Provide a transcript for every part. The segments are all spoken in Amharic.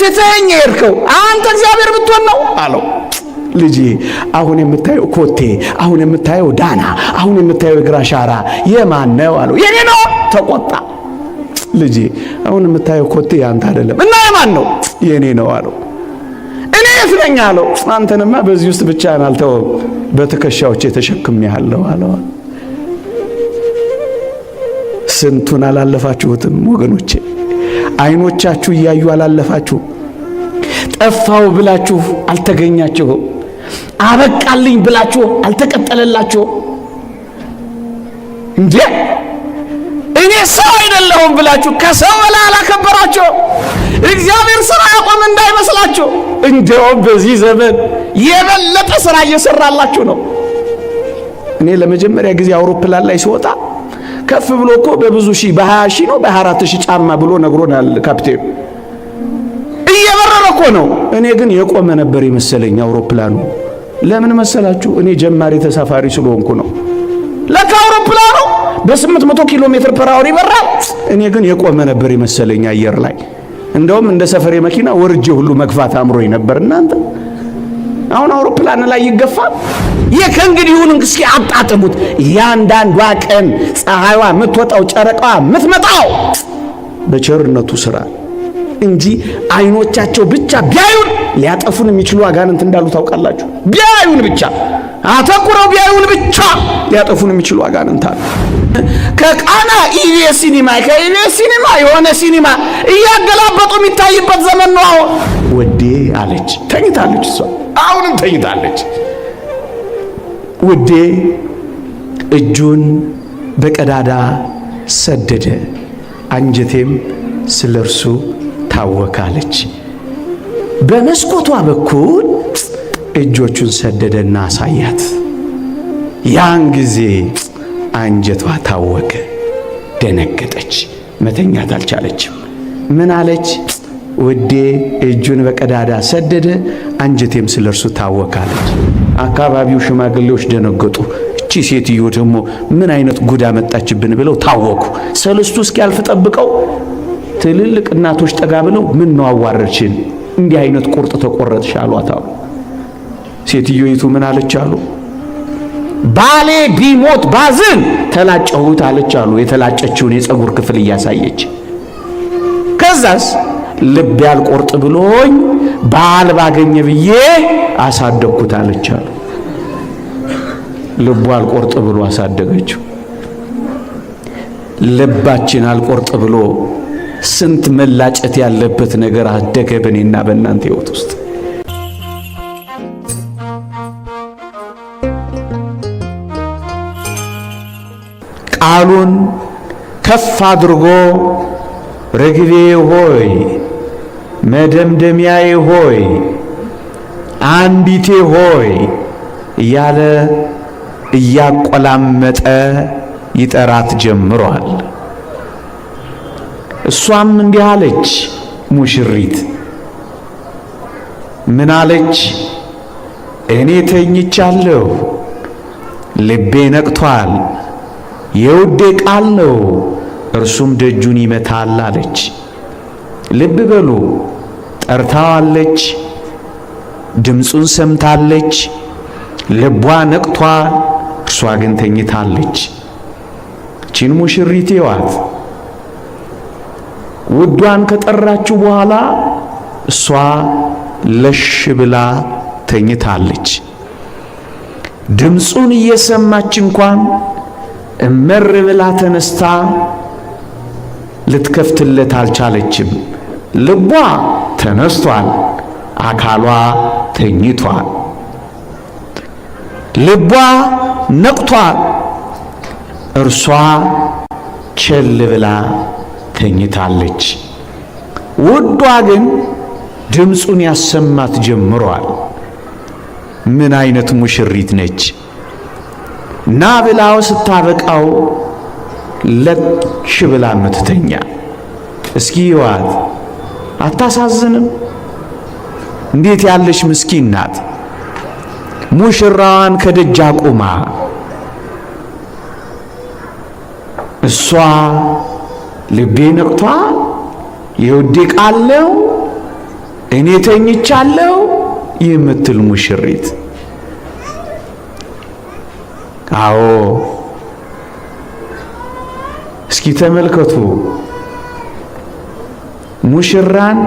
ትተኸኝ የሄድከው አንተ እግዚአብሔር ብትሆን ነው አለው። ልጅ አሁን የምታየው ኮቴ፣ አሁን የምታየው ዳና፣ አሁን የምታየው እግር አሻራ የማን ነው አለው። የኔ ነው። ተቆጣ። ልጅ አሁን የምታየው ኮቴ ያንተ አይደለም እና የማን ነው? የኔ ነው አለው። እኔ የት አለው። አንተንማ በዚህ ውስጥ ብቻህን አልተወም፣ በትከሻዎቼ ያለው አለው። ስንቱን አላለፋችሁትም ወገኖቼ። አይኖቻችሁ እያዩ አላለፋችሁ። ጠፋው ብላችሁ አልተገኛችሁም። አበቃልኝ ብላችሁ አልተቀጠለላችሁ። እንዴ እኔ ሰው አይደለሁም ብላችሁ ከሰው በላይ አላከበራችሁ። እግዚአብሔር ስራ ያቆም እንዳይመስላችሁ። እንዲያውም በዚህ ዘመን የበለጠ ስራ እየሰራላችሁ ነው። እኔ ለመጀመሪያ ጊዜ አውሮፕላን ላይ ሲወጣ ከፍ ብሎ እኮ በብዙ ሺ በ20 ሺ ነው በ24 ሺ ጫማ ብሎ ነግሮናል ካፕቴኑ። እየበረረ እኮ ነው። እኔ ግን የቆመ ነበር የመሰለኝ አውሮፕላኑ። ለምን መሰላችሁ? እኔ ጀማሪ ተሳፋሪ ስለሆንኩ ነው። ለካ አውሮፕላኑ በ800 ኪሎ ሜትር ፐር አወር ይበራል። እኔ ግን የቆመ ነበር የመሰለኝ አየር ላይ። እንደውም እንደ ሰፈሬ መኪና ወርጄ ሁሉ መግፋት አምሮኝ ነበር። እናንተ አሁን አውሮፕላን ላይ ይገፋል። ይህ ከእንግዲሁን እስኪ አጣጥሙት። እያንዳንዷ ቀን ፀሐይዋ የምትወጣው ጨረቃዋ የምትመጣው በቸርነቱ ስራ እንጂ አይኖቻቸው ብቻ ቢያዩን ሊያጠፉን የሚችሉ አጋንንት እንዳሉ ታውቃላችሁ። ቢያዩን ብቻ አተኩረው ቢያዩን ብቻ ሊያጠፉን የሚችሉ አጋንንት አሉ። ከቃና ኢቪ ሲኒማ ከኢቪ ሲኒማ የሆነ ሲኒማ እያገላበጡ የሚታይበት ዘመን ነው። አሁን ወዴ አለች ተኝታለች። እሷ አሁንም ተኝታለች። ውዴ እጁን በቀዳዳ ሰደደ፣ አንጀቴም ስለ እርሱ ታወካለች። በመስኮቷ በኩል እጆቹን ሰደደና አሳያት። ያን ጊዜ አንጀቷ ታወከ፣ ደነገጠች፣ መተኛት አልቻለችም። ምን አለች? ውዴ እጁን በቀዳዳ ሰደደ፣ አንጀቴም ስለ እርሱ ታወካለች። አካባቢው ሽማግሌዎች ደነገጡ። እቺ ሴትዮ ደግሞ ምን አይነት ጉዳ መጣችብን ብለው ታወኩ። ሰለስቱ እስኪያልፍ ጠብቀው ትልልቅ እናቶች ጠጋ ብለው ምን ነው አዋረድሽን፣ እንዲህ አይነት ቁርጥ ተቆረጥሽ አሏት አሉ። ሴትዮይቱ ምን አለች አሉ? ባሌ ቢሞት ባዝን ተላጨሁት አለች አሉ። የተላጨችውን የፀጉር ክፍል እያሳየች ከዛስ ልብ ያልቆርጥ ብሎኝ ባል ባገኘ ብዬ አሳደግኩት አለች አሉ። ልቡ አልቆርጥ ብሎ አሳደገችው። ልባችን አልቆርጥ ብሎ ስንት መላጨት ያለበት ነገር አደገ በእኔና በእናንተ ህይወት ውስጥ። ቃሉን ከፍ አድርጎ ርግቤ ሆይ መደምደሚያዬ ሆይ አንዲቴ ሆይ እያለ እያቆላመጠ ይጠራት ጀምሯል። እሷም እንዲህ አለች፣ ሙሽሪት ምን አለች? እኔ ተኝቻለሁ፣ ልቤ ነቅቷል፣ የውዴ ቃል ነው፣ እርሱም ደጁን ይመታል አለች። ልብ በሉ ጠርታዋለች፣ ድምፁን ሰምታለች፣ ልቧ ነቅቷል። እርሷ ግን ተኝታለች። ቺን ሙሽሪት ይዋት ውዷን ከጠራችሁ በኋላ እሷ ለሽ ብላ ተኝታለች። ድምፁን እየሰማች እንኳን እመር ብላ ተነስታ ልትከፍትለት አልቻለችም። ልቧ ተነስቷል፣ አካሏ ተኝቷል። ልቧ ነቅቷል፣ እርሷ ቸል ብላ ተኝታለች። ውዷ ግን ድምፁን ያሰማት ጀምሯል። ምን አይነት ሙሽሪት ነች! ና ብላው ስታበቃው ለሽ ብላ ምትተኛ እስኪ ይዋት አታሳዝንም? እንዴት ያለች ምስኪን ናት! ሙሽራዋን ከደጃ ቆማ እሷ ልቤ ነቅቷ የውዴ ቃለው እኔ ተኝቻለሁ የምትል ሙሽሪት። አዎ እስኪ ተመልከቱ። ሙሽራን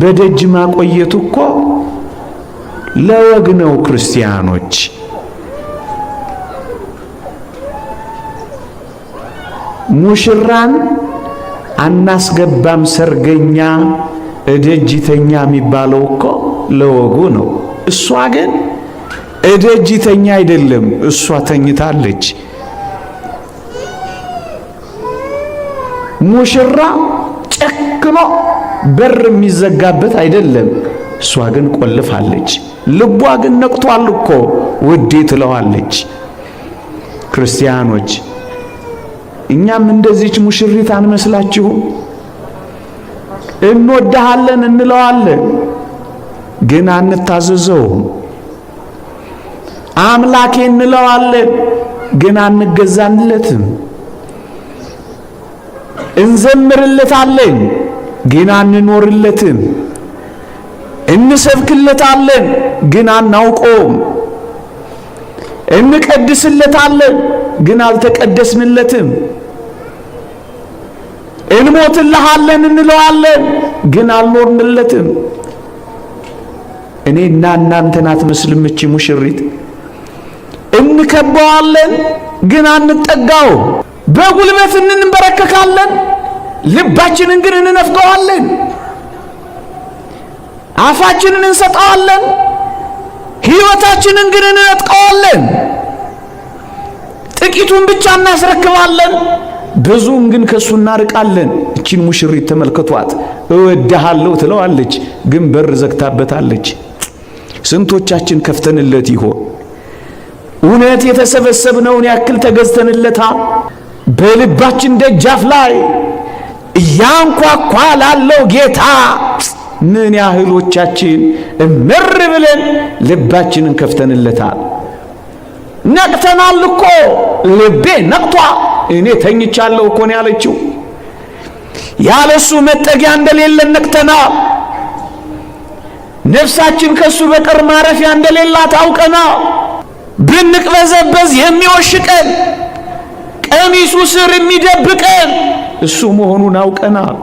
በደጅ ማቆየቱ እኮ ለወግ ነው ክርስቲያኖች። ሙሽራን አናስገባም ሰርገኛ እደጅተኛ የሚባለው እኮ ለወጉ ነው። እሷ ግን እደጅተኛ አይደለም፣ እሷ ተኝታለች። ሙሽራ ጨክኖ በር የሚዘጋበት አይደለም። እሷ ግን ቆልፋለች። ልቧ ግን ነቅቷል እኮ ውዴ ትለዋለች። ክርስቲያኖች እኛም እንደዚች ሙሽሪት አንመስላችሁም? እንወድሃለን እንለዋለን፣ ግን አንታዘዘውም። አምላኬ እንለዋለን፣ ግን አንገዛንለትም። እንዘምርለታለን ግን አንኖርለትም። እንሰብክለታለን፣ ግን አናውቀውም። እንቀድስለታለን፣ ግን አልተቀደስንለትም። እንሞትልሃለን እንለዋለን፣ ግን አልኖርንለትም። እኔና እናንተን አትመስልም እቺ ሙሽሪት። እንከበዋለን፣ ግን አንጠጋው በጉልበት እንንበረከካለን ልባችንን ግን እንነፍገዋለን፣ አፋችንን እንሰጠዋለን፣ ሕይወታችንን ግን እንነጥቀዋለን። ጥቂቱን ብቻ እናስረክባለን፣ ብዙውን ግን ከእሱ እናርቃለን። እቺን ሙሽሪት ተመልከቷት። እወድሃለሁ ትለዋለች፣ ግን በር ዘግታበታለች። ስንቶቻችን ከፍተንለት ይሆን? እውነት የተሰበሰብነውን ያክል ተገዝተንለታል? በልባችን ደጃፍ ላይ እያንኳኳ ላለው ጌታ ምን ያህሎቻችን እምር ብለን ልባችንን ከፍተንለታል? ነቅተናል እኮ ልቤ ነቅቷ፣ እኔ ተኝቻለሁ እኮ ነው ያለችው። ያለሱ መጠጊያ እንደሌለን ነቅተናል። ነፍሳችን ከሱ በቀር ማረፊያ እንደሌላት አውቀናል። ብንቅበዘበዝ የሚወሽቀን ቀሚሱ ስር የሚደብቀን እሱ መሆኑን አውቀናል፣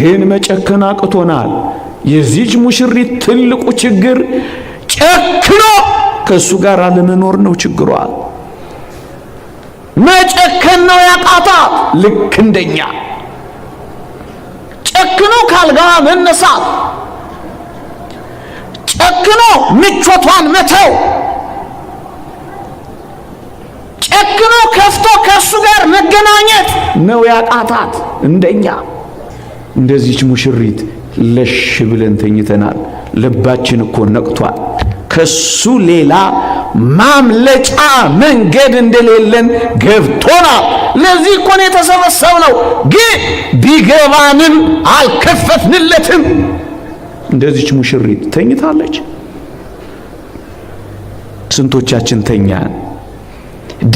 ግን መጨከን አቅቶናል። የዚች ሙሽሪት ትልቁ ችግር ጨክኖ ከእሱ ጋር አለመኖር ነው ችግሯ። መጨከን ነው ያቃታት። ልክ እንደኛ ጨክኖ ካልጋ መነሳት፣ ጨክኖ ምቾቷን መተው ጨክኖ ከፍቶ ከእሱ ጋር መገናኘት ነው ያቃታት። እንደኛ እንደዚች ሙሽሪት ለሽ ብለን ተኝተናል። ልባችን እኮ ነቅቷል። ከሱ ሌላ ማምለጫ መንገድ እንደሌለን ገብቶናል። ለዚህ እኮ ነው የተሰበሰብነው። ግን ቢገባንም አልከፈትንለትም። እንደዚች ሙሽሪት ተኝታለች። ስንቶቻችን ተኛን?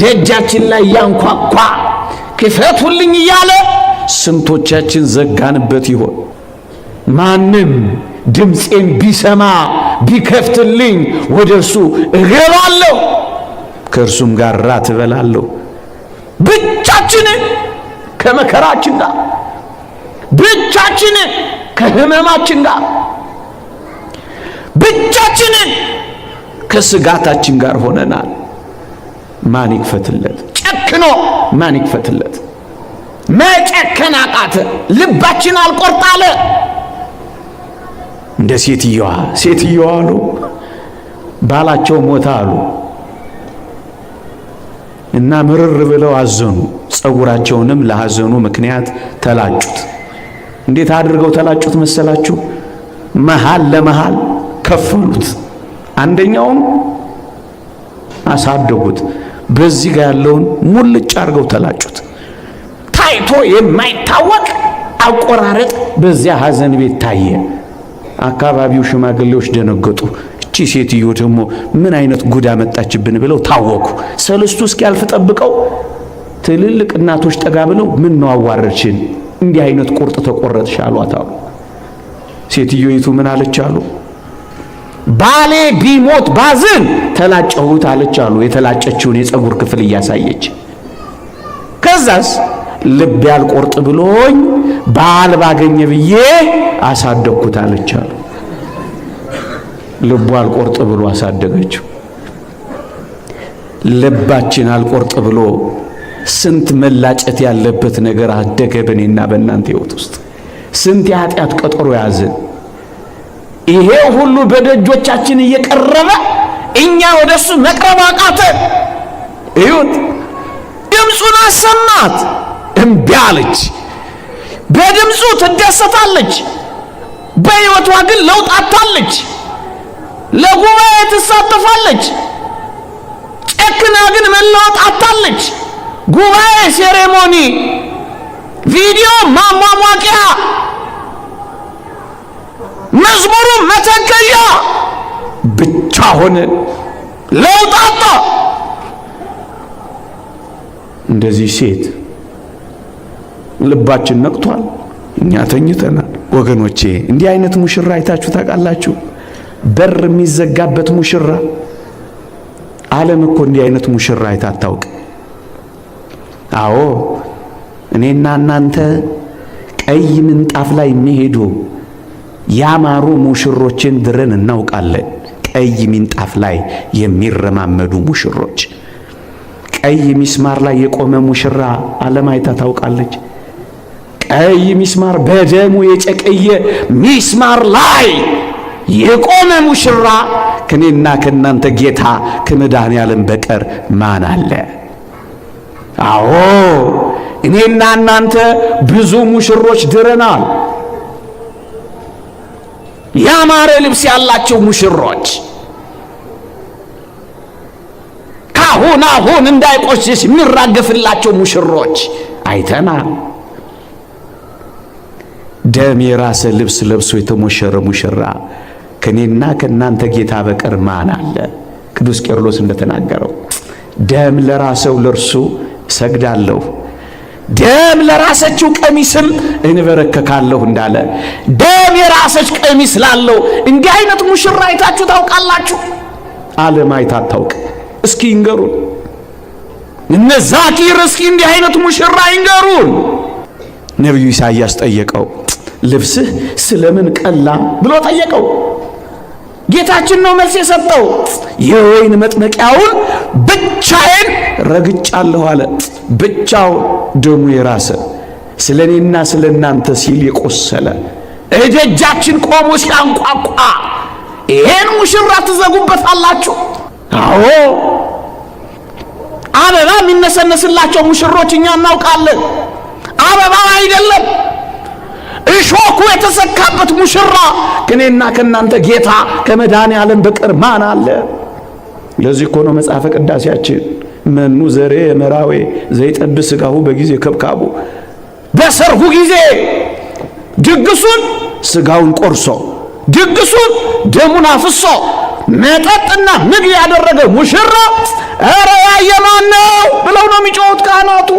ደጃችን ላይ ያንኳኳ ክፈቱልኝ እያለ ስንቶቻችን ዘጋንበት ይሆን? ማንም ድምፄን ቢሰማ ቢከፍትልኝ ወደ እርሱ እገባለሁ፣ ከእርሱም ጋር ራት እበላለሁ። ብቻችን ከመከራችን ጋር፣ ብቻችን ከህመማችን ጋር፣ ብቻችን ከስጋታችን ጋር ሆነናል። ማን ይክፈትለት? ጨክኖ ማን ይክፈትለት? መጨከን አቃተ። ልባችን አልቆርጣለ እንደ ሴትየዋ ሴትየዋ አሉ ባላቸው ሞታ አሉ እና ምርር ብለው አዘኑ። ጸጉራቸውንም ለሐዘኑ ምክንያት ተላጩት። እንዴት አድርገው ተላጩት መሰላችሁ? መሃል ለመሃል ከፈሉት። አንደኛውም አሳደጉት። በዚህ ጋር ያለውን ሙልጭ አድርገው ተላጩት። ታይቶ የማይታወቅ አቆራረጥ በዚያ ሐዘን ቤት ታየ። አካባቢው ሽማግሌዎች ደነገጡ። እቺ ሴትዮ ደግሞ ምን አይነት ጉዳ መጣችብን ብለው ታወኩ። ሰልስቱ እስኪያልፍ ጠብቀው ትልልቅ እናቶች ጠጋ ብለው ምን ነው አዋረድሽን፣ እንዲህ አይነት ቁርጥ ተቆረጥሽ አሏት አሉ። ሴትዮይቱ ምን አለች አሉ ባሌ ቢሞት ባዝን ተላጨሁት አለች አሉ። የተላጨችውን የፀጉር ክፍል እያሳየች ከዛስ ልብ ያልቆርጥ ብሎኝ ባል ባገኘ ብዬ አሳደግኩት አለች አሉ። ልቡ አልቆርጥ ብሎ አሳደገችው። ልባችን አልቆርጥ ብሎ ስንት መላጨት ያለበት ነገር አደገ በእኔና በእናንተ ህይወት ውስጥ ስንት የኃጢአት ቀጠሮ ያዝን። ይሄ ሁሉ በደጆቻችን እየቀረበ እኛ ወደ እሱ መቅረብ አቃተን። እዩት፣ ድምፁን አሰማት፣ እምቢ አለች። በድምፁ ትደሰታለች፣ በሕይወቷ ግን ለውጥ አታለች። ለጉባኤ ትሳተፋለች፣ ጨክና ግን መለወጥ አታለች። ጉባኤ፣ ሴሬሞኒ፣ ቪዲዮ ማሟሟቂያ መዝሙሩ መተገያ ብቻ ሆነ፣ ለውጣጣ እንደዚህ ሴት ልባችን ነቅቷል፣ እኛ ተኝተናል። ወገኖቼ እንዲህ አይነት ሙሽራ አይታችሁ ታውቃላችሁ? በር የሚዘጋበት ሙሽራ። ዓለም እኮ እንዲህ አይነት ሙሽራ አይታ አታውቅ። አዎ እኔና እናንተ ቀይ ምንጣፍ ላይ የሚሄዱ ያማሩ ሙሽሮችን ድረን እናውቃለን። ቀይ ምንጣፍ ላይ የሚረማመዱ ሙሽሮች፣ ቀይ ሚስማር ላይ የቆመ ሙሽራ ዓለም አይታ ታውቃለች። ቀይ ሚስማር በደሙ የጨቀየ ሚስማር ላይ የቆመ ሙሽራ ከኔና ከእናንተ ጌታ ከመድኃኔ ዓለም በቀር ማን አለ? አዎ እኔና እናንተ ብዙ ሙሽሮች ድረናል። ያማረ ልብስ ያላቸው ሙሽሮች ካሁን አሁን እንዳይቆስስ የሚራገፍላቸው ሙሽሮች አይተናል። ደም የራሰ ልብስ ለብሶ የተሞሸረ ሙሽራ ከኔና ከእናንተ ጌታ በቀር ማን አለ? ቅዱስ ቄርሎስ እንደተናገረው ደም ለራሰው ለእርሱ እሰግዳለሁ ደም ለራሰችው ቀሚስም እንበረከካለሁ እንዳለ ደም የራሰች ቀሚስ ላለው እንዲህ አይነት ሙሽራ አይታችሁ ታውቃላችሁ? ዓለም አይታ አታውቅ። እስኪ ይንገሩን እነ ዛኪር፣ እስኪ እንዲህ አይነት ሙሽራ ይንገሩን። ነቢዩ ኢሳይያስ ጠየቀው፣ ልብስህ ስለምን ቀላ ብሎ ጠየቀው። ጌታችን ነው መልስ የሰጠው የወይን መጥመቂያውን ብቻዬን ረግጫለሁ አለ። ብቻው ደሙ የራሰ ስለ እኔና ስለ እናንተ ሲል የቆሰለ እደጃችን ቆሞ ሲያንቋቋ ይሄን ሙሽራ ትዘጉበታላችሁ? አዎ አበባ የሚነሰነስላቸው ሙሽሮች እኛ እናውቃለን። አበባ አይደለም እሾኩ የተሰካበት ሙሽራ ከእኔና ከእናንተ ጌታ ከመድኃኔ ዓለም በቀር ማን አለ? ለዚህ እኮ ነው መጽሐፈ ቅዳሴያችን መኑ ዘሬ መራዌ ዘይጠብስ ሥጋሁ በጊዜ ከብካቡ፣ በሰርጉ ጊዜ ድግሱን ስጋውን ቆርሶ ድግሱን ደሙን አፍሶ መጠጥና ምግብ ያደረገ ሙሽራ ኧረ ያየ ማን ነው ብለው ነው የሚጮሁት ካህናቱ።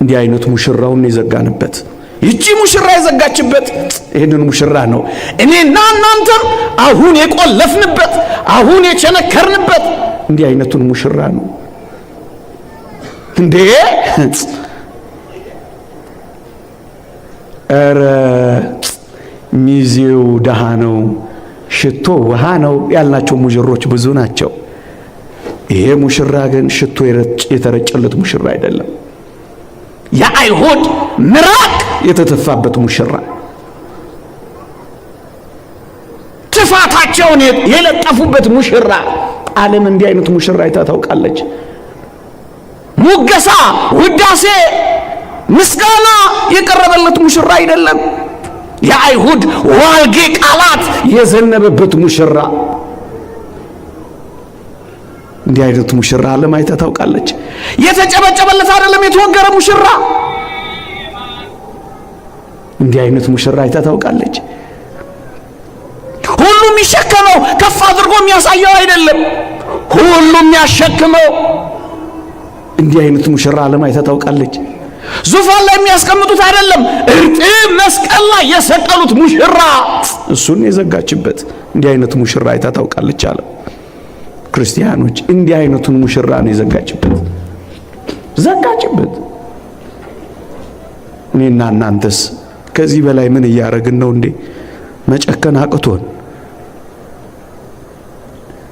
እንዲህ አይነት ሙሽራውን የዘጋንበት ይቺ ሙሽራ የዘጋችበት ይህንን ሙሽራ ነው እኔና እናንተም አሁን የቆለፍንበት አሁን የቸነከርንበት እንዲህ አይነቱን ሙሽራ ነው እንዴ! ኧረ ሚዜው ደሃ ነው፣ ሽቶ ውሃ ነው ያልናቸው ሙሽሮች ብዙ ናቸው። ይሄ ሙሽራ ግን ሽቶ የተረጨለት ሙሽራ አይደለም። የአይሁድ ምራቅ የተተፋበት ሙሽራ ጥፋታቸውን የለጠፉበት ሙሽራ። ዓለም እንዲህ አይነት ሙሽራ አይታ ታውቃለች? ሙገሳ፣ ውዳሴ፣ ምስጋና የቀረበለት ሙሽራ አይደለም። የአይሁድ ዋልጌ ቃላት የዘነበበት ሙሽራ። እንዲህ አይነት ሙሽራ ዓለም አይታ ታውቃለች? የተጨበጨበለት አይደለም፣ የተወገረ ሙሽራ እንዲህ አይነት ሙሽራ አይታ ታውቃለች? ሁሉም የሚሸከመው ከፍ አድርጎ የሚያሳየው አይደለም። ሁሉም የሚያሸክመው እንዲህ አይነት ሙሽራ ዓለም አይታ ታውቃለች? ዙፋን ላይ የሚያስቀምጡት አይደለም፣ እርጥብ መስቀል ላይ የሰቀሉት ሙሽራ እሱን የዘጋችበት እንዲህ አይነት ሙሽራ አይታ ታውቃለች አለ። ክርስቲያኖች እንዲህ አይነቱን ሙሽራ ነው የዘጋችበት፣ ዘጋችበት። እኔና እናንተስ ከዚህ በላይ ምን እያደረግን ነው እንዴ? መጨከን አቅቶን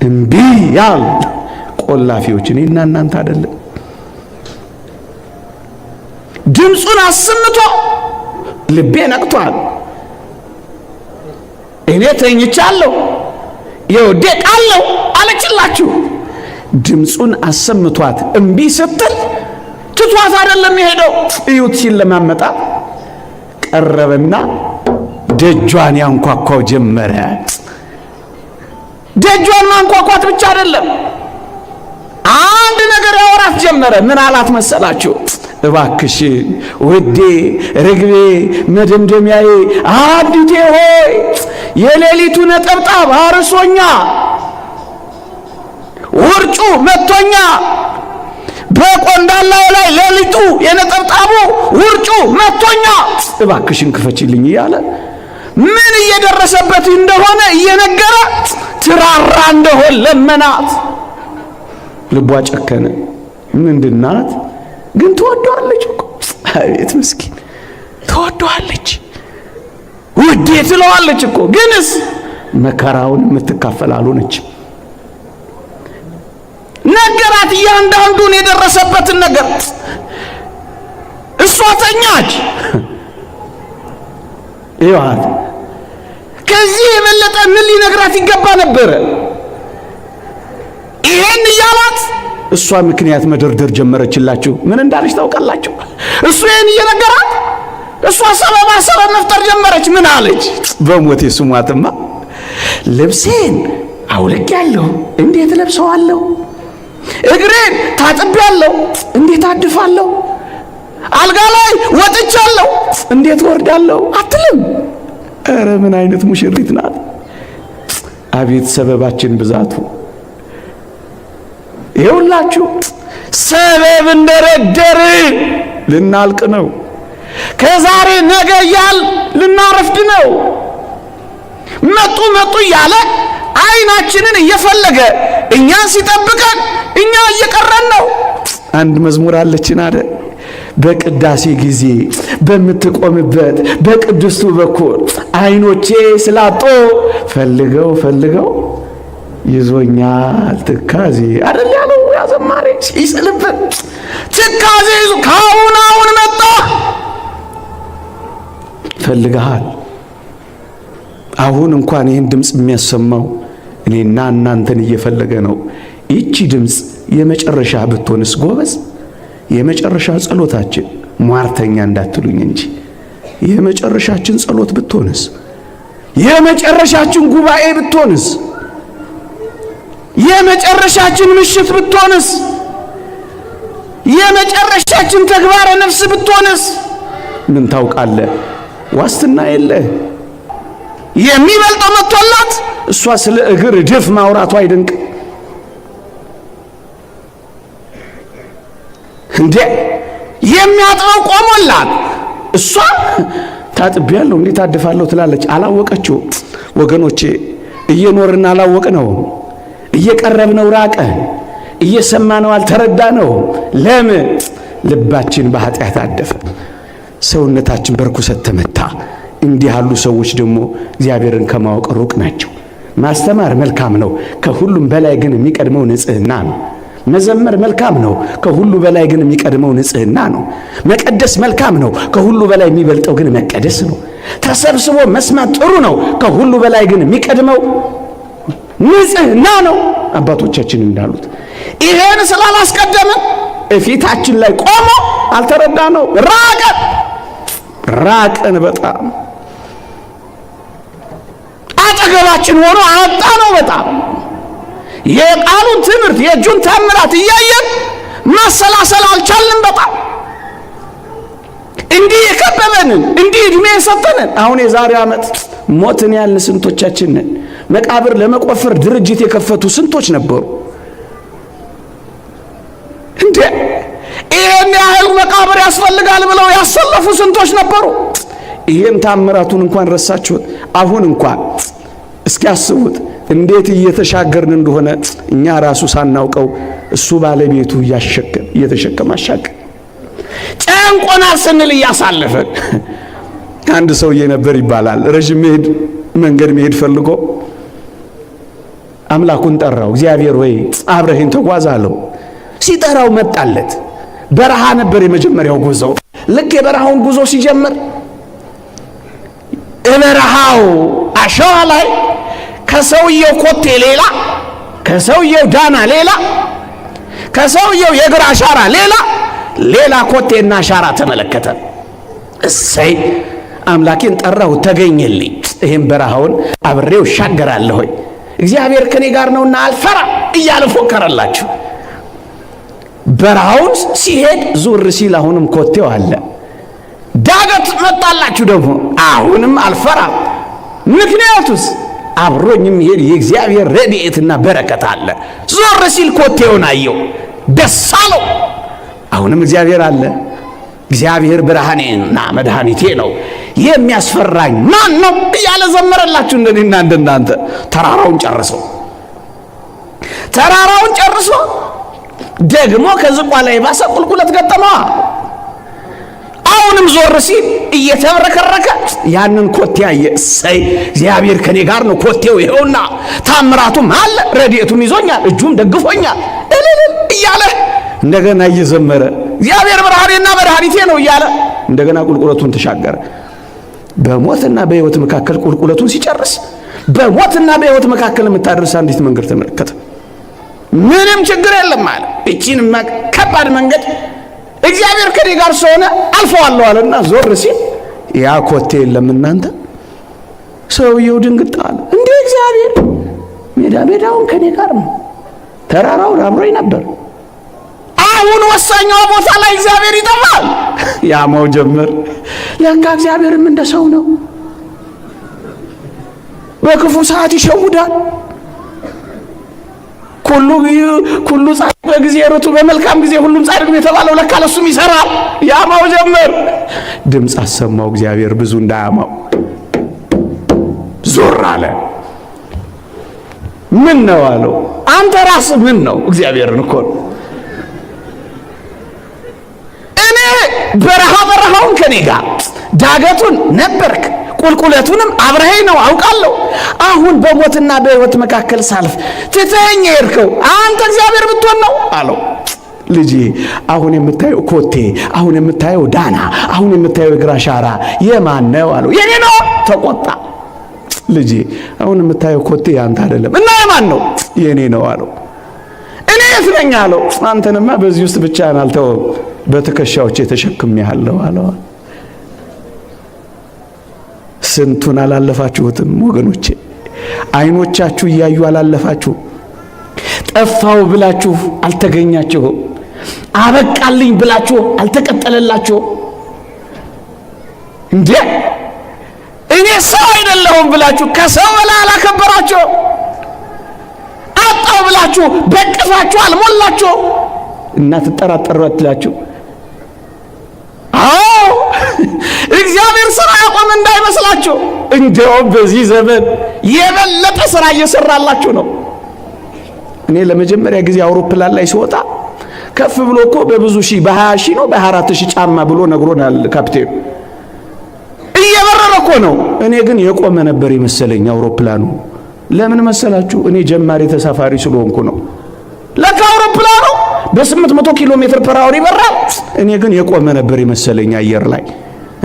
እምቢ ያል ቆላፊዎች እኔና እናንተ አይደለም። ድምፁን አሰምቶ ልቤ ነቅቷል፣ እኔ ተኝቻለሁ፣ የወደቃለሁ አለችላችሁ። ድምፁን አሰምቷት እምቢ ስትል ትቷት አይደለም የሄደው። እዩት ለማመጣት ቀረበና ደጇን ያንኳኳው ጀመረ። ደጇን ማንኳኳት ብቻ አይደለም፣ አንድ ነገር ያወራት ጀመረ። ምን አላት መሰላችሁ? እባክሽ ውዴ፣ ርግቤ፣ መደምደሚያዬ፣ አዲቴ ሆይ የሌሊቱ ነጠብጣብ አርሶኛ፣ ውርጩ መቶኛ በቆንዳላው ላይ ሌሊቱ የነጠብጣቡ ውርጩ መቶኛ እባክሽን ክፈችልኝ እያለ ምን እየደረሰበት እንደሆነ እየነገረ ትራራ እንደሆን ለመናት። ልቧ ጨከነ። ምንድናት ግን ትወደዋለች እኮ አቤት ምስኪን ትወደዋለች፣ ውዴ ትለዋለች እኮ ግንስ መከራውን የምትካፈል አልሆነችም። ነገራት እያንዳንዱን የደረሰበትን ነገር። እሷ ተኛች። ይዋት ከዚህ የበለጠ ምን ሊነግራት ይገባ ነበረ? ይሄን እያላት እሷ ምክንያት መደርደር ጀመረችላችሁ። ምን እንዳለች ታውቃላችሁ? እሱ ይሄን እየነገራት እሷ ሰበባ ሰበብ መፍጠር ጀመረች። ምን አለች? በሞቴ ስሟትማ ልብሴን አውልቅ ያለሁ እንዴት ለብሰዋለሁ እግሬን ታጥቤያለሁ፣ እንዴት አድፋለሁ? አልጋ ላይ ወጥቻለሁ፣ እንዴት ወርዳለሁ አትልም። እረ ምን አይነት ሙሽሪት ናት! አቤት ሰበባችን ብዛቱ! ይኸውላችሁ ሰበብ እንደረደርን ልናልቅ ነው። ከዛሬ ነገ እያል ልናረፍድ ነው። መጡ መጡ እያለ አይናችንን እየፈለገ እኛን ሲጠብቀን እኛ እየቀረን ነው። አንድ መዝሙር አለችን አለ በቅዳሴ ጊዜ በምትቆምበት በቅድስቱ በኩል አይኖቼ ስላጦ ፈልገው ፈልገው ይዞኛል ትካዜ አደል ያለው ያዘማሪ ይስልብን ትካዜ ይዞ ከአሁን አሁን መጣ ፈልገሃል። አሁን እንኳን ይህን ድምፅ የሚያሰማው እኔና እናንተን እየፈለገ ነው። ይቺ ድምፅ የመጨረሻ ብትሆንስ ጎበዝ፣ የመጨረሻ ጸሎታችን ሟርተኛ እንዳትሉኝ እንጂ የመጨረሻችን ጸሎት ብትሆንስ፣ የመጨረሻችን ጉባኤ ብትሆንስ፣ የመጨረሻችን ምሽት ብትሆንስ፣ የመጨረሻችን ተግባረ ነፍስ ብትሆንስ፣ ምን ታውቃለህ? ዋስትና የለህ። የሚበልጠው መጥቶላት እሷ ስለ እግር ድፍ ማውራቷ አይደንቅ እንዴ? የሚያጥበው ቆሞላት እሷ ታጥቤያለሁ እንዴት አድፋለሁ ትላለች። አላወቀችው። ወገኖቼ እየኖርን አላወቅ ነው፣ እየቀረብ ነው ራቀ፣ እየሰማ ነው አልተረዳ ነው። ለምን ልባችን በኃጢአት አደፈ፣ ሰውነታችን በርኩሰት ተመታ። እንዲህ ያሉ ሰዎች ደግሞ እግዚአብሔርን ከማወቅ ሩቅ ናቸው። ማስተማር መልካም ነው፣ ከሁሉም በላይ ግን የሚቀድመው ንጽህና ነው። መዘመር መልካም ነው፣ ከሁሉ በላይ ግን የሚቀድመው ንጽህና ነው። መቀደስ መልካም ነው፣ ከሁሉ በላይ የሚበልጠው ግን መቀደስ ነው። ተሰብስቦ መስማት ጥሩ ነው፣ ከሁሉ በላይ ግን የሚቀድመው ንጽህና ነው። አባቶቻችን እንዳሉት ይሄን ስላላስቀደምን እፊታችን ላይ ቆሞ አልተረዳ ነው። ራቀን ራቀን በጣም አጠገባችን ሆኖ አጣ ነው። በጣም የቃሉን ትምህርት የእጁን ተምራት እያየን ማሰላሰል አልቻልንም። በጣም እንዲህ የከበበንን እንዲህ እድሜ የሰጠንን አሁን የዛሬ ዓመት ሞትን ያልን ስንቶቻችን ነን? መቃብር ለመቆፈር ድርጅት የከፈቱ ስንቶች ነበሩ? እንዴ ይህን ያህል መቃብር ያስፈልጋል ብለው ያሰለፉ ስንቶች ነበሩ? ይህን ታምራቱን እንኳን ረሳችሁት። አሁን እንኳን እስኪያስቡት እንዴት እየተሻገርን እንደሆነ እኛ ራሱ ሳናውቀው እሱ ባለቤቱ እያሸከም እየተሸከመ አሻገር ጨንቆናል ስንል እያሳለፈን። አንድ ሰውዬ ነበር ይባላል። ረዥም መሄድ መንገድ መሄድ ፈልጎ አምላኩን ጠራው። እግዚአብሔር ወይ አብረህኝ ተጓዝ አለው። ሲጠራው መጣለት። በረሃ ነበር የመጀመሪያው ጉዞ ልክ የበረሃውን ጉዞ ሲጀምር በረሃው አሸዋ ላይ ከሰውየው ኮቴ ሌላ፣ ከሰውየው ዳና ሌላ፣ ከሰውየው የእግር አሻራ ሌላ ሌላ ኮቴና አሻራ ተመለከተ። እሰይ አምላኬን ጠራው ተገኘልኝ። ይህም በረሃውን አብሬው እሻገራለሁኝ እግዚአብሔር ከኔ ጋር ነውና አልፈራ እያለ ፎከረላችሁ። በረሃውን ሲሄድ ዙር ሲል አሁንም ኮቴው አለ። ዳገት መጣላችሁ ደግሞ አሁንም አልፈራ ምክንያቱስ አብሮኝ የሚሄድ የእግዚአብሔር ረድኤትና በረከት አለ። ዞር ሲል ኮቴውን አየው፣ ደስ አለው። አሁንም እግዚአብሔር አለ። እግዚአብሔር ብርሃኔና መድኃኒቴ ነው፣ የሚያስፈራኝ ማን ነው እያለ ዘመረላችሁ። እንደኔና እንደናንተ ተራራውን ጨርሰው ተራራውን ጨርሶ ደግሞ ከዝቋላ የባሰ ቁልቁለት ገጠመዋ። አሁንም ዞር ሲል እየተብረከረከ ያንን ኮቴ አየ። እሰይ እግዚአብሔር ከኔ ጋር ነው። ኮቴው ይኸውና ታምራቱም አለ፣ ረድኤቱም ይዞኛል፣ እጁም ደግፎኛል እልል እያለ እንደገና እየዘመረ እግዚአብሔር ብርሃኔና መድኃኒቴ ነው እያለ እንደገና ቁልቁለቱን ተሻገረ። በሞትና በሕይወት መካከል ቁልቁለቱን ሲጨርስ በሞትና በሕይወት መካከል የምታደርስ አንዲት መንገድ ተመለከተ። ምንም ችግር የለም አለ። እቺን ከባድ መንገድ እግዚአብሔር ከኔ ጋር ስለሆነ አልፈዋለሁ አለና ዞር ሲል ያ ኮቴ የለም እናንተ። ሰውየው ድንግጥ አለ። እንዴ እግዚአብሔር ሜዳ ሜዳውን ከኔ ጋር ነው፣ ተራራውን አብሮኝ ነበር። አሁን ወሳኛው ቦታ ላይ እግዚአብሔር ይጠፋል። ያማው ጀመር። ለካ እግዚአብሔርም እንደ ሰው ነው፣ በክፉ ሰዓት ይሸውዳል። ሁሉ ሁሉ ጻድቅ በጊዜ ርቱ በመልካም ጊዜ ሁሉም ጻድቅ የተባለው ለካ ለሱም ይሰራል። ያማው ጀመር። ድምፅ አሰማው እግዚአብሔር ብዙ እንዳያማው ዞር አለ። ምን ነው አለው። አንተ ራስህ ምን ነው? እግዚአብሔርን እኮ እኔ በረሃ በረሃውን ከኔ ጋር ዳገቱን ነበርክ ቁልቁለቱንም አብረኸኝ ነው አውቃለሁ። አሁን በሞትና በሕይወት መካከል ሳልፍ ትተኸኝ የሄድከው አንተ እግዚአብሔር ብትሆን ነው አለው። ልጅ አሁን የምታየው ኮቴ፣ አሁን የምታየው ዳና፣ አሁን የምታየው እግር ሻራ የማን ነው አለው። የኔ ነው ተቆጣ። ልጅ አሁን የምታየው ኮቴ ያንተ አይደለም እና የማን ነው? የኔ ነው አለው። እኔ የትለኛ አለው። አንተንማ በዚህ ውስጥ ብቻህን አልተውም፣ በትከሻዎቼ ተሸክሜሃለሁ አለዋል። ስንቱን አላለፋችሁትም ወገኖቼ? አይኖቻችሁ እያዩ አላለፋችሁ? ጠፋው ብላችሁ አልተገኛችሁም። አበቃልኝ ብላችሁ አልተቀጠለላችሁም። እንዴ እኔ ሰው አይደለሁም ብላችሁ ከሰው በላይ አላከበራችሁ። አጣው ብላችሁ በቅፋችሁ አልሞላችሁ እና ትጠራጠራላችሁ። እግዚአብሔር ስራ ያቆም እንዳይመስላችሁ። እንዲያውም በዚህ ዘመን የበለጠ ስራ እየሰራላችሁ ነው። እኔ ለመጀመሪያ ጊዜ አውሮፕላን ላይ ሲወጣ ከፍ ብሎ እኮ በብዙ ሺህ በ20 ሺህ ነው በ24 ሺህ ጫማ ብሎ ነግሮናል ካፕቴኑ። እየበረረ እኮ ነው። እኔ ግን የቆመ ነበር የመሰለኝ አውሮፕላኑ። ለምን መሰላችሁ? እኔ ጀማሪ ተሳፋሪ ስለሆንኩ ነው። ለካ አውሮፕላኑ በ800 ኪሎ ሜትር ፐር አወር ይበራል። እኔ ግን የቆመ ነበር የመሰለኝ አየር ላይ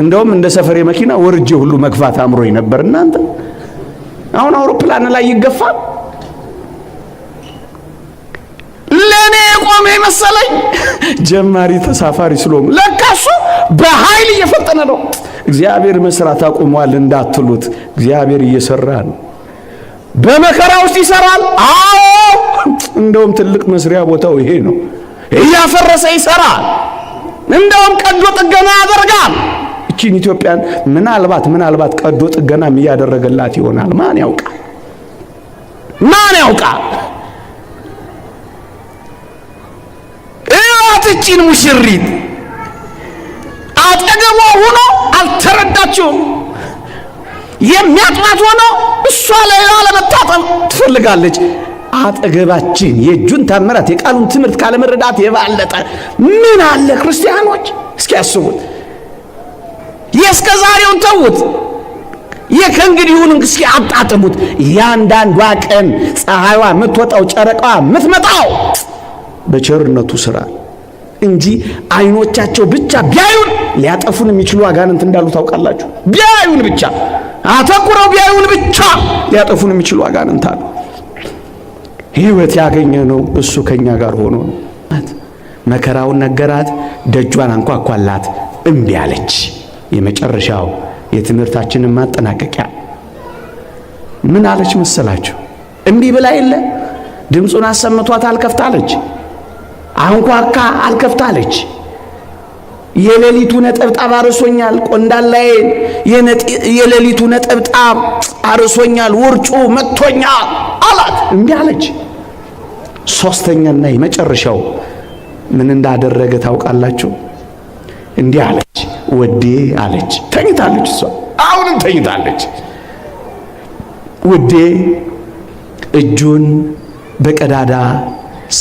እንደውም እንደ ሰፈሬ መኪና ወርጄ ሁሉ መግፋት አምሮ ነበር። እናንተ አሁን አውሮፕላን ላይ ይገፋል። ለእኔ የቆመ መሰለኝ ጀማሪ ተሳፋሪ ስለሆኑ ለካሱ በኃይል እየፈጠነ ነው። እግዚአብሔር መስራት አቁሟል እንዳትሉት፣ እግዚአብሔር እየሰራ ነው። በመከራ ውስጥ ይሰራል። አዎ እንደውም ትልቅ መስሪያ ቦታው ይሄ ነው። እያፈረሰ ይሰራል። እንደውም ቀዶ ጥገና ያደርጋል። ያቺን ኢትዮጵያን ምናልባት ምናልባት ቀዶ ጥገናም እያደረገላት ይሆናል። ማን ያውቃ ማን ያውቃ እያትቺን ሙሽሪት አጠገቧ ሆኖ አልተረዳችውም። የሚያጥባት ሆኖ እሷ ሌላ ለመታጠብ ትፈልጋለች። አጠገባችን የእጁን ታምራት የቃሉን ትምህርት ካለመረዳት የባለጠ ምን አለ? ክርስቲያኖች እስኪ ያስቡት። የእስከ ዛሬውን ተዉት። የከእንግዲሁን እስኪ አጣጥሙት። እያንዳንዷ ቀን ፀሐይዋ የምትወጣው ጨረቃዋ የምትመጣው በቸርነቱ ስራ እንጂ አይኖቻቸው ብቻ ቢያዩን ሊያጠፉን የሚችሉ አጋንንት እንዳሉ ታውቃላችሁ። ቢያዩን ብቻ አተኩረው ቢያዩን ብቻ ሊያጠፉን የሚችሉ አጋንንት አሉ። ሕይወት ያገኘ ነው እሱ ከእኛ ጋር ሆኖ ነው። መከራውን ነገራት፣ ደጇን አንኳኳላት፣ እምቢ አለች። የመጨረሻው የትምህርታችንን ማጠናቀቂያ ምን አለች መሰላችሁ? እምቢ ብላ የለ ድምፁን አሰምቷት አልከፍታለች፣ አንኳካ አልከፍታለች። የሌሊቱ ነጠብጣብ አርሶኛል፣ ላይ የሌሊቱ ነጠብጣብ አርሶኛል፣ ውርጩ መጥቶኛል አላት። እምቢ አለች። ሶስተኛና የመጨረሻው ምን እንዳደረገ ታውቃላችሁ? እንዲህ አለች ወዴ አለች። ተኝታለች፣ እሷ አሁንም ተኝታለች። ወዴ እጁን በቀዳዳ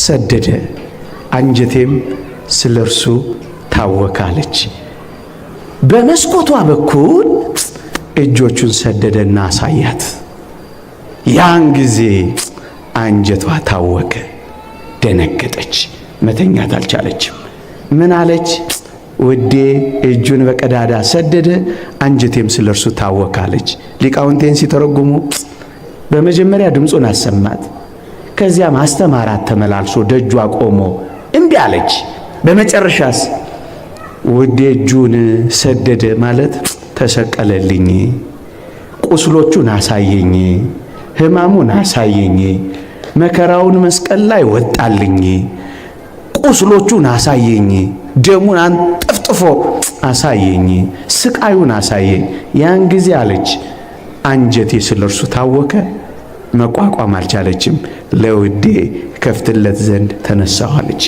ሰደደ፣ አንጀቴም ስለ እርሱ ታወካለች። በመስኮቷ በኩል እጆቹን ሰደደና አሳያት። ያን ጊዜ አንጀቷ ታወከ፣ ደነገጠች፣ መተኛት አልቻለችም። ምን አለች? ውዴ እጁን በቀዳዳ ሰደደ፣ አንጀቴም ስለ እርሱ ታወካለች። ሊቃውንቴን ሲተረጉሙ በመጀመሪያ ድምፁን አሰማት፣ ከዚያም አስተማራት ተመላልሶ ደጇ ቆሞ እምቢ አለች። በመጨረሻስ ውዴ እጁን ሰደደ ማለት ተሰቀለልኝ፣ ቁስሎቹን አሳየኝ፣ ህማሙን አሳየኝ፣ መከራውን መስቀል ላይ ወጣልኝ ቁስሎቹን አሳየኝ፣ ደሙን አንጠፍጥፎ አሳየኝ፣ ስቃዩን አሳየኝ። ያን ጊዜ አለች አንጀቴ ስለ እርሱ ታወከ፣ መቋቋም አልቻለችም። ለውዴ ከፍትለት ዘንድ ተነሳሁ አለች።